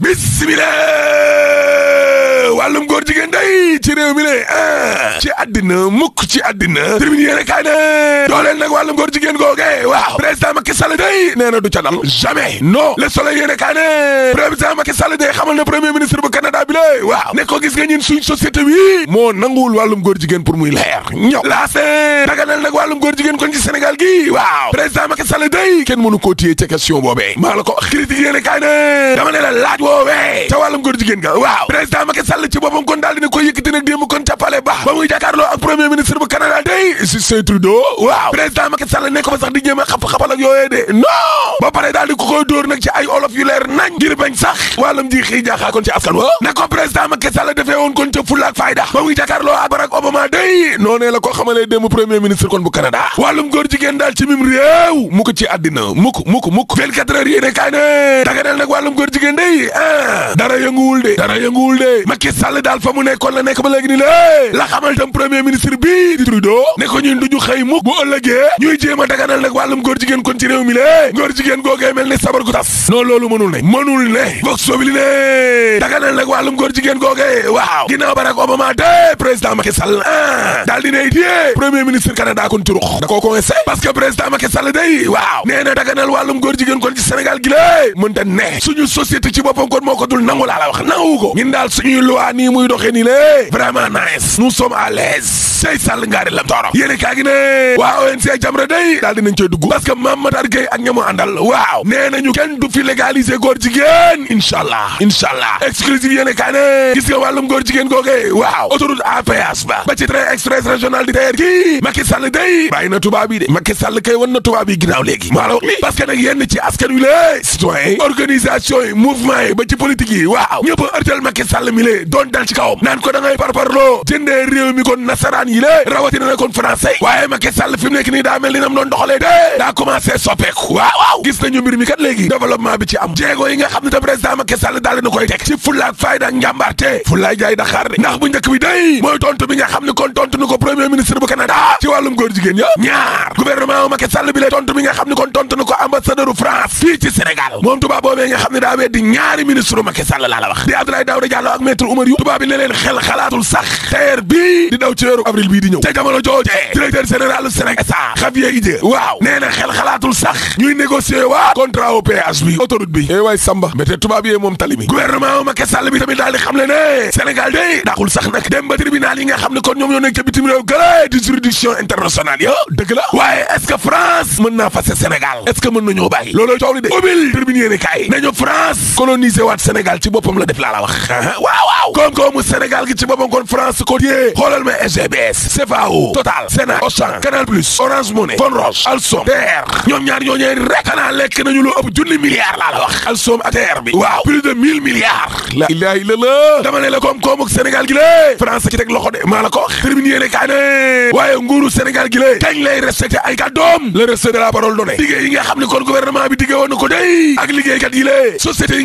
bismillah wàllum góor jigéen day ci réew mi le ah ci àddina mukk ci àddina tribune yéene kaay ne dooleel nag wàllum góor jigéen googe waaw président Macky Sall day nee na du ca dal jamais non le soleil yéene kaay ne président Macky Sall day xamal na premier ministre bu Canada bi le waaw ne ko gis nga ñun suñ société wi moo nanguwul wàllum góor jigéen pour muy leer ñëw laase daganal nag wàllum góor jigéen kon ci Sénégal gi waaw président Macky Sall day kenn mënu ko critique yéene kaay ne dama ne Sall ci boppam kon daal dina koy yëkkati nag démb kon ca palais ba ba muy jàkkaarloo ak premier ministre bu Canada day Justin Trudeau waaw président Macky Sall nekk fa sax di jéem a xap de non ba pare daal di ko koy dóor nag ci ay olof yu nañ ngir bañ sax wàllam ji xii kon ci askan wa ne ko président Macky Sall defee woon kon ca fulla fayda ba muy jàkkaarloo ak Barack Obama day noonee ko xamalee démb premier ministre kon bu Canada wàllum góor jigéen Sall daal fa mu nekkoon la nekk ba léegi ni lé eh, la xamal tam premier ministre bi di Trudeau ne ko ñun duñu xëy mukk bu ëllëgee ñuy jéem a daganal nag wàllum góor jigéen kon ci réew mi lée eh. góor jigéen googee mel ni sabar gu tas non loolu mënul ne mënul ne Vox Populi ne eh, daganal nag wàllum góor jigéen googee waaw ginnaaw Barack Obama de président Macky Sall ah daal dinay téye premier ministre Canada kon turux da koo coincé parce que na daganal wàllum ko dul nangu laa la wax nangu waa nii muy doxee nii lé vraiment nice nous sommes à l'aise tey sàll ngaari lam tooro yéene kaa gi ne waa ONG Jamra day daal dinañ cay dugg parce que Mame Matar Gueye ak ñamu àndal waaw nee nañu kenn du fi légaliser góor jigéen incha allah incha allah exclusive yéene kaa ne gis nga wàllum góor jigéen googee waaw autoroute à péage ba ba ci train express régional di TER kii Macky Sall day bàyyi na tubaab yi de Macky Sall kay na tubaab yi ginnaaw léegi maa la wax li yenn ci askan wi la citoyen organisation yi mouvement ci politique yi waaw ñëpp ërtal Macky doon dal ci kawam naan ko da ngay parparloo jëndee réew mi kon nasaraan yi rawatina na kon français waaye Macky Sall fi nekk nii daa mel ni nam doon doxalee dee daa commencé soppeeku waaw gis nañu mbir mi kat léegi développement bi ci am jéego yi nga xam ne te président Macky Sall daal koy teg ci fulaak fayda ak njàmbaarte fulaay jaay Dakar de ndax bu njëkk bi day mooy tontu bi nga xam ne kon tontu na ko premier ministre bu Canada ci wàllum góor gendarmerie tubaab xel xalaatul sax xeer bii di daw ci weeru avril bii di ñëw te jamono joojee directeur général Sénégal sa Xavier Idée waaw nee na xel xalaatul sax ñuy négocier waa contrat au péage bi bi eh waay Samba mbete tubaab yee moom tali bi gouvernement wu Macky bi tamit di xam le ne Sénégal day dàqul sax nag dem ba tribunal yi nga xam ne kon ñoom ñoo nekk ca bitim réew di juridiction internationale yo dëgg la waaye est que France mën naa fase Sénégal koom-koomu Sénégal gi ci boppam kon France ko yee ma SGBS CFAO Total Sénat Auchan Canal Plus Orange Money Fonroche Alstom TER ñoom ñaar ñoo rek xanaa lekk nañu lu ëpp junni milliards laa la wax Alstom ak TER bi waaw plus de mille milliards la ilaha illallah dama ne la koom-koomu Sénégal gi lée France ki teg loxo de maa la ko wax tribune yéene waaye nguuru Sénégal gi lée kañ lay respecté ay kàddoom le respect de la parole donnée liggéey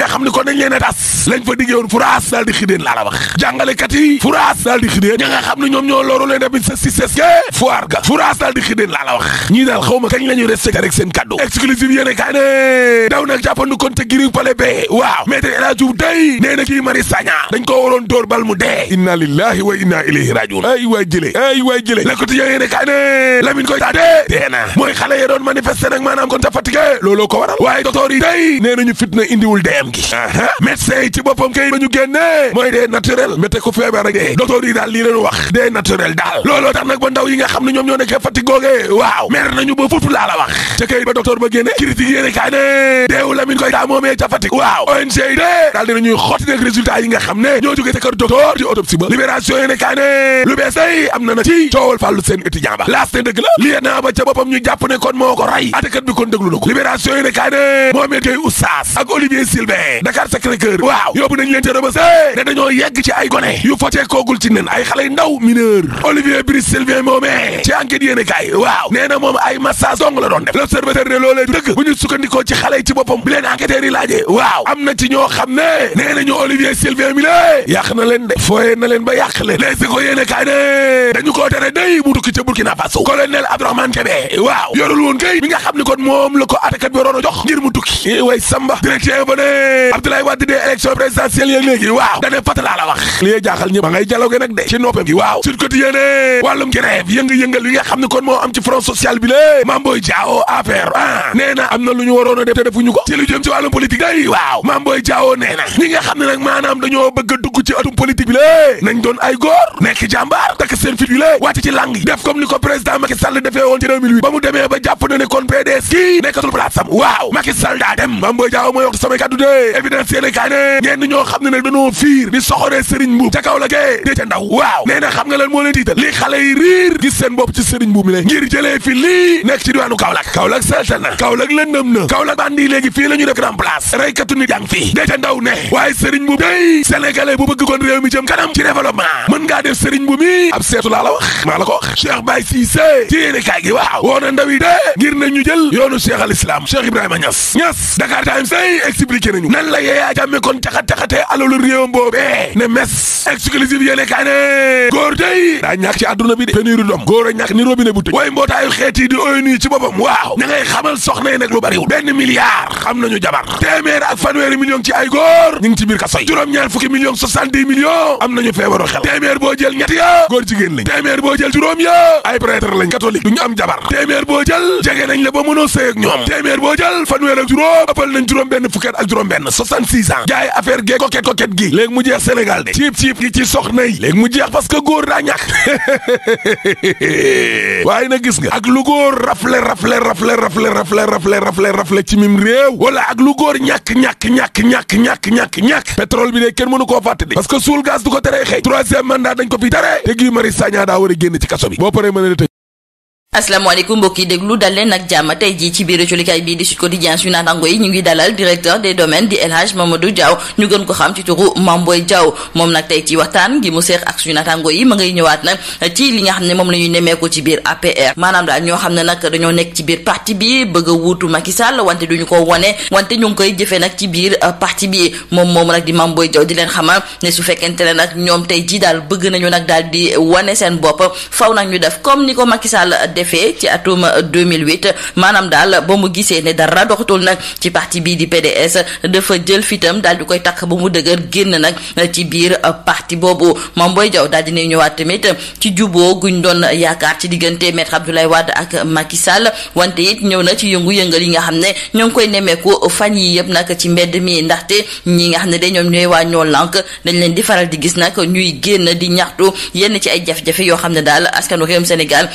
a tas lañ laa la furaas daal di xidéen ña nga xam ne ñoom ñoo looru leen damit sa sises ke furaas daal di xidéen laa la wax ñii daal xaw kañ la ñuy respecté seen kaddu exclusive yéene kaa ne daw kon te pale bee waaw maître El day nee kii Mari Sagna dañ ko waroon dóor bal mu dee inna lillahi wa inna ilayhi rajiun ay waay jële ay waay jële la quotidien yéene kaa ne Lamine koy taate dee na mooy xale ya doon manifester maanaam kon te fatigué dee naturel méte ku feebar ak dee docteur yi daal lii leen wax dee naturel daal looloo tax nag ba ndaw yi nga xam ne ñoom ñoo nekkee Fatick googee waaw mer nañu ba futu laa la wax ca kay ba docteur ba génne critique yéene kaay ne deewu Lamine daa moomee ca Fatick waaw ONG dee daal dinañuy xotti nag résultat yi nga xam ne ñoo jógee ca kër docteur ci autopsie ba libération yéene kaay lu bees day am na na ci coowal fàllu seen étudiant ba laas ne dëgg ñoo yegg ci ay gone yu fotee koogul ci nen ay xale yu ndaw mineur Olivier Brice Sylvain moomee ci enquête yéene waaw nee na moom ay massage dong la doon def l'observateur ne loolee dëgg bu ñu sukkandikoo ci xale yi ci boppam bi leen enquêteurs yi waaw am na ci ñoo xam ne nee nañu Olivier Sylvain mi lée yàq na leen de fooye na leen ba yàq leen les ko yéene kaay dañu koo tere day mu tukki ca Burkina Faso colonel Abdourahmane Kébé waaw yorul a fat laa la wax li jaaxal ñëpp ma ngay dialogue nag de ci noppam gi waaw Sud Quotidien wàllum grève yënga-yëngal yi nga xam ne kon moo am ci front social bi lée Mame Boye Diao ah nee na am na lu ñu waroon a def te defuñu ko ci lu jëm ci wàllum politique day waaw Mame Boye Diao nee na ñi nga xam ne nag maanaam dañoo bëgg a dugg ci atum politique bi lée nañ doon ay góor nekk jàmbaar takk seen fit bi lée wàcc ci lang def comme ni ko président Macky ba mu demee ba na soxoree Serigne Mbuub ca kaw la kee dee ca ndaw waaw nee na xam nga lan moo leen tiital li xale yi riir gis seen bopp ci Serigne Mbuub mi la ngir jëlee fi lii nekk ci diwaanu Kaolack Kaolack selta na Kaolack lëndëm na Kaolack bandi léegi fii la ñu def grand place reykatu nit yaa ngi fii dee ca ndaw ne waaye Serigne Mbuub day sénégalais bu bëgg kon réew mi jëm kanam ci développement mën ngaa def Serigne Mbuub mi ab seetu laa la wax maa la ko wax Cheikh Baye Cissé ci gi waaw ndaw yi de ngir nañ ñu jël yoonu Cheikh al Islam Cheikh Ibrahima Niass Niass Dakar Times day expliqué nañu nan la yeeyaa jàmme kon taxat Libéré ne mes exclusive yéene kaay góor day daa ñàkk ci àdduna bi de pénurie doom góor a ñàkk ni robinet bu tëj mbootaayu xeet di ONU ci boppam waaw ña ngay xamal soxna yi nag lu bariwul benn milliard xam nañu jabar téeméer ak fanweeri million ci ay góor ñu ci biir kaso yi juróom-ñaar fukki million soixante-dix millions am nañu feebaru xel téeméer boo jël ñett ya góor jigéen lañ téeméer boo jël juróom ya ay prêtre lañ catholique duñu am jabar téeméer boo jël jege Sénégal de ciib ciib gi ci soxna yi léegi mu jeex parce que góor daa ñàkk waaye na gis nga ak lu góor rafle rafle rafle rafle rafle rafle rafle rafle ci mim réew wala ak lu góor ñàkk ñàkk ñàkk ñàkk ñàkk ñàkk ñàkk pétrole bi de kenn mënu koo fàtte de parce que suul gaz du ko teree xëy troisième mandat dañ ko fi tere te Guy Marius Sagna daa war a génn ci kaso bi boo paree mën a asalaamaaleykum mbokk yi déglu dal leen ak jàmm tey jii ci biir colikaay bii di Sud Quotidien suñu naataango yi ñu ngi dalal directeur des domaines di El Hadj Mamadou Diaw ñu gën ko xam ci turu Mamboy Diaw moom nag tey ci waxtaan ngi mu li nga xam ne moom la ñuy nemmeeku ci biir APR maanaam daal ñoo xam ne nag dañoo nekk ci biir parti bi bëgg a wuutu Macky Sall wante duñu ko wone wante ñu ngi koy jëfee nag ci biir euh, parti bi moom moom nag di Mamboy Diaw di leen xamal ne su fekkente ne nag ñoom tey jii daal bëgg nañu nag daal di wane seen bopp faw nag ñu def comme ni préfet ci atum 2008 maanaam daal ba mu gisee ne dara doxatul nag ci parti bii di PDS dafa jël fitam daal di koy takk ba mu dëgër génn nag ci biir parti boobu Mame Boye Diaw daal dina ñëwaat tamit ci juboo guñ doon yaakaar ci diggante maître Abdoulaye Wade ak Macky Sall wante it ñëw na ci yëngu-yëngal yi nga xam ne ñoo ngi koy nemmeeku fan yi yëpp nag ci mbedd mi ndaxte ñi nga xam ne de ñoom ñooy waa ñoo lànk dañ leen di faral di gis nag ñuy génn di ñaxtu yenn ci ay jafe yoo xam ne daal askanu réewum Sénégal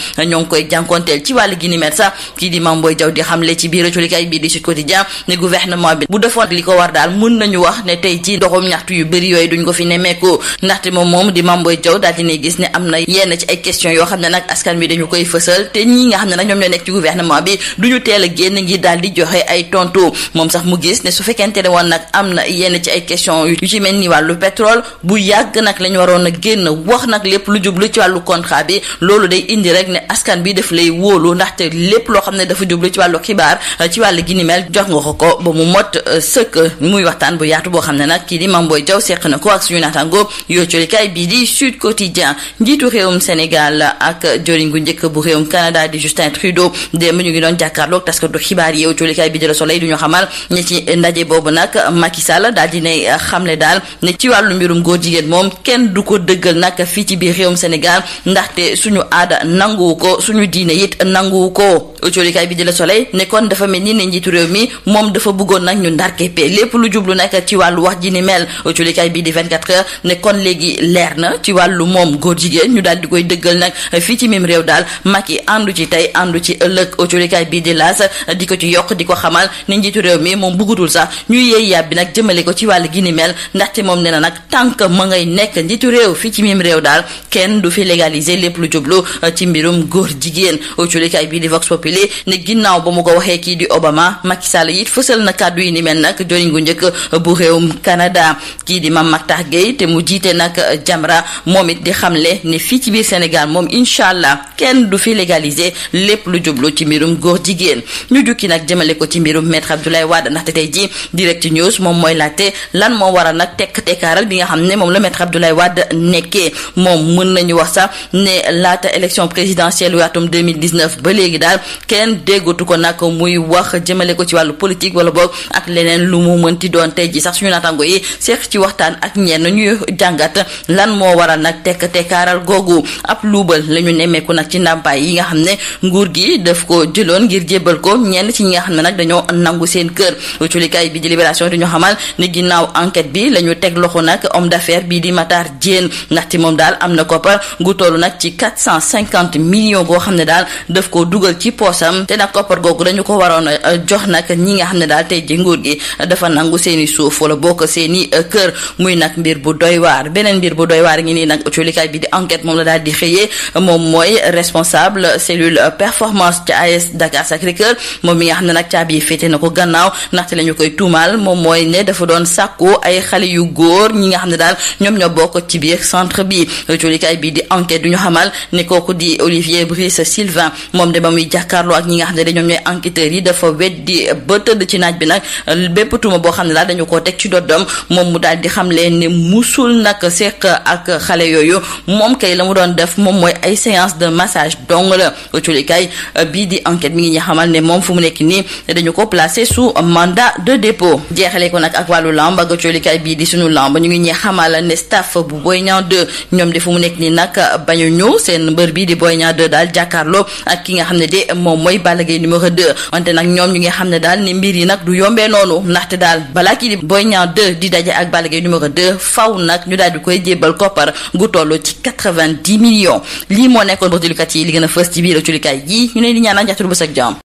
jànkonteel ci wàllu gi ni met sax kii di Mame Boye Diaw di xamle ci biir colikay bii di Sud Quotidien ne gouvernement bi bu defoon li ko war daal mën nañu wax ne tey ji doxum ñaxtu yu bëri yooyu duñ ko fi nemmeeku ndaxte moom moom di Mame Boye Diaw daal dina gis ne am na yenn ci ay question yoo xam ne nag askan bi dañu koy fësal te ñi nga xam ne nag ñoom ñoo nekk ci gouvernement bi duñu teel a génn ngir daal di joxe ay tontu moom sax mu gis ne su fekkente ne a daf lay wóolu ndaxte lépp loo xam ne dafa jublu ci wàllu xibaar euh, ci wàllu gi jox nga ko ko ba mu mot euh, sëkk muy waxtaan bu yaatu boo xam ne nag na ko ak suñu naataango yoo colikaay bii di Sud Quotidien njiitu gu njëkk bu réewum Canada di Justin Trudeau démb ñu ngi doon jàkkaarloog taskatu xibaar yi yoo colikaay bi di Le Soleil du ñu xamal ne ci ndaje boobu nag Macky Sall daal di xam xamle daal ne ci wàllu mbirum góor jigéen moom kenn du ko dëggal nag fii ci biir réewum Sénégal ndaxte suñu aada nangu ko suñu di diine it bi di la soleil ne kon dafa mel ni ne njiitu réew mi moom dafa bëggoon nag ñu ndarkeppe lépp lu jublu nag ci ji ni mel coolikaay bi di 24 heures kon léegi leer na ci wàllu moom góor jigéen ñu daal di koy dëggal nag fii ci mim réew daal mag Macky àndu ci tey àndu ci ëllëg coolikaay bi di laas di ko ci yokk di ko xamal ne njiitu réew mi moom bëggutul sax ñu yeey yàbbi nag jëmale ko ci wàll gi ni mel ndaxte moom nee na nag tànk ma ngay nekk njiitu réew fii ci mim réew daal kenn du fi légaliser lépp lu jublu ci mbirum góor jigéen yéen culikaay bii di Vox Populi ne ginnaaw ba mu ko waxee kii di Obama Macky Sall it fësal na kàddu yi ni mel nag joriñ gu njëkk bu réewum Canada kii di ma Mame Mactar Guèye te mu jiite nag Jamra moom it di xamle ne fii ci biir Sénégal moom incha allah kenn du fi légaliser lépp lu jublu ci mbirum góor jigéen ñu jukki nag jëmale ko ci mbirum maître Abdoulaye Wade ndaxte tey ji direct news moom mooy laajte lan moo waral nag tekk tekkaaral bi nga xam ne moom la maître Abdoulaye Wade nekkee moom mën nañu wax sax atum 2019 ba léegi daal kenn déggatu ko nag muy wax jëmale ko ci wàllu politique wala boog ak leneen lu mu mënti doon tey ji sax suñu naataango yi seex ci waxtaan ak ñenn ñuy jàngat lan moo waral nag tekk tekkaaral googu ab luubal lañu nemmeeku nag ci ndàmpaay yi nga xam ne nguur gi daf ko jëloon ngir jébbal ko ñenn ci ñi nga xam ne nag dañoo nangu seen kër culikaay bi di libération di ñu xamal ni ginnaaw enquête bi la ñu teg loxo nag homme d'affaires bii di mata Diène ndaxte moom daal am na ne daal daf koo dugal ci poosam te nag koppar googu dañu ko waroon a jox nag ñi nga xam ne daal tey ji nguur gi dafa nangu seen i suuf wala bokk seen i euh, kër muy nag mbir bu doy waar beneen mbir bu doy waar ngi nii nag culikaay bi di enquête moom la daal di xëyee moom mooy responsable cellule performance ca AS Dakar Sacré-Cœur moom mi nga xam ne nag caabi yi féete na ko gannaaw ndaxte la ñu koy tuumaal moom mooy ne dafa doon sàkku ay xale yu góor ñi nga xam ne daal ñoom ñoo ko ci biir centre bi culikaay bi di enquête du ñu xamal Sylvain moom de ba muy jàkkaarloo ak ñi nga bi nag bépp tuuma boo xam ne daal dañu koo teg ci doddam moom mu daal xam leen ne musul nag ak xale yooyu moom kay la mu doon def moom mooy ay séance de massage dong la culikay bii di enquête mi ngi ñu xamal ne moom fu mu nekk nii dañu ko placé sous mandat de dépôt jeexale ko nag ak wàllu lamb ak culikay bii di suñu lamb ñu ngi ñuy xamal ne staff bu Boy Niang ñoom de fu mu nekk nii nag bañu ñëw seen mbër bii di Boy Niang daal jàkkaar jàkkaarloo ak ki nga xam ne de moom mooy Balla Gaye numéro 2 wante nag ñoom ñu ngi xam ne daal ne mbir yi nag du yombee noonu ndaxte daal balaa kii di Boy Niang 2 di daje ak Balla Gaye numéro 2 faw nag ñu daal di koy jébbal koppar gu toll ci 90 millions lii moo nekkoon ba jullikat yi li gën a fës ci biir jullikat yi ñu leen di ñaanal njaxtu bu sag